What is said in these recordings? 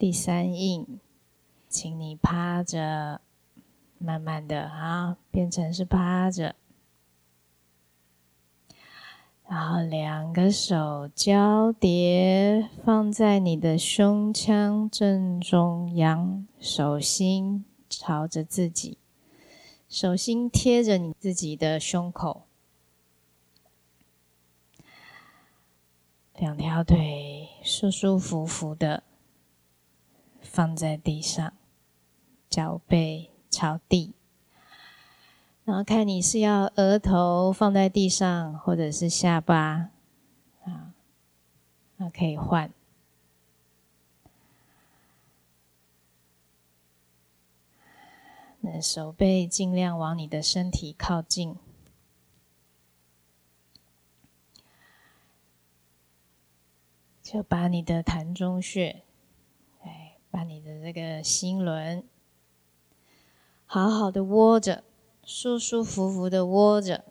第三印，請你趴着，慢慢的啊，變成是趴着，然後兩個手交疊放在你的胸腔正中央，手心朝着自己，手心貼着你自己的胸口，兩條腿舒舒服服的。放在地上，腳背朝地，然後看你是要額頭放在地上，或者是下巴，啊，那可以換。那手背盡量往你的身體靠近，就把你的膻中穴。把你的這個心輪好好的窩着，舒舒服服的窩着。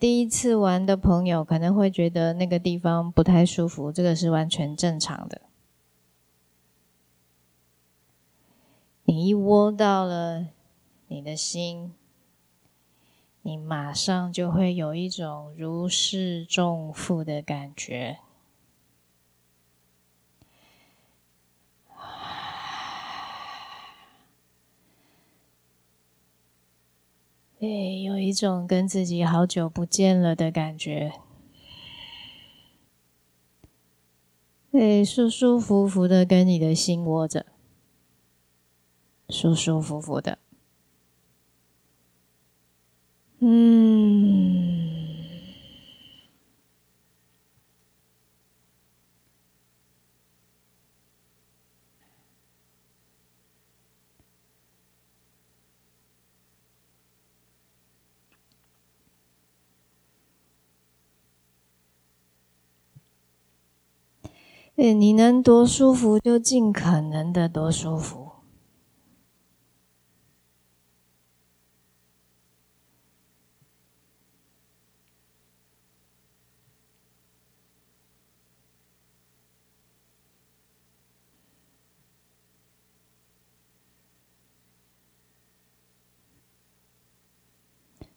第一次玩的朋友可能會覺得那個地方不太舒服，這個是完全正常的。你一窩到了你的心。你馬上就會有一種如釋重負的感覺，哎，有一種跟自己好久不見了的感覺，哎，舒舒服服的跟你的心窩着，舒舒服服的。哎、欸，你能多舒服就盡可能的多舒服。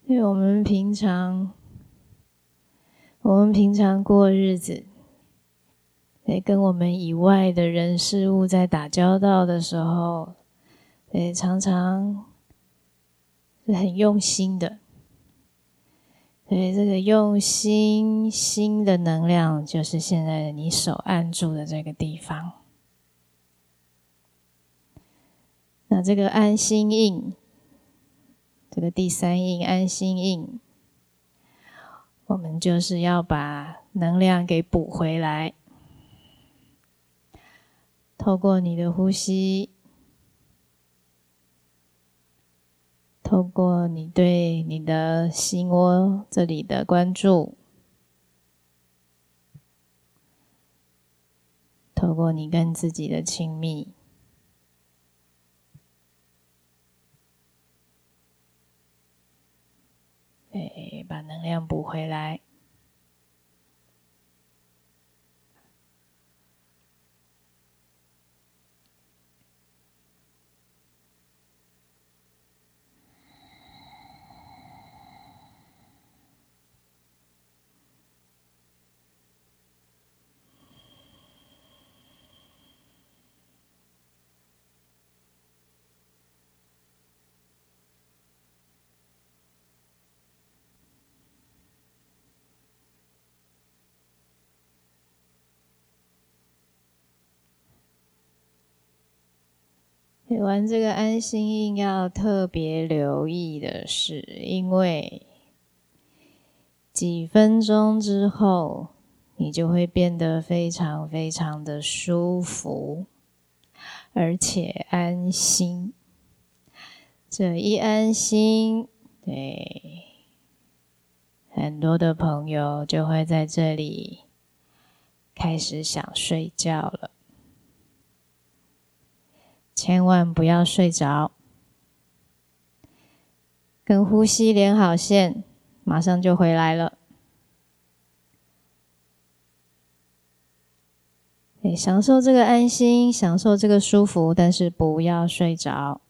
因為我們平常，我們平常過日子。在跟我們以外的人事物在打交道的時候，也常常是很用心的。所以，這個用心心的能量，就是現在你手按住的這個地方。那這個安心印，這個第三印，安心印，我們就是要把能量給補回來。透過你的呼吸，透過你對你的心窩這裡的關注，透過你跟自己的親密，哎，把能量補回來。玩這個安心印要特別留意的是，因為幾分鐘之後，你就會變得非常非常的舒服，而且安心。這一安心，對，很多的朋友就會在這裡開始想睡覺了。千萬不要睡着，跟呼吸連好線，馬上就回來了。哎，享受這個安心，享受這個舒服，但是不要睡着。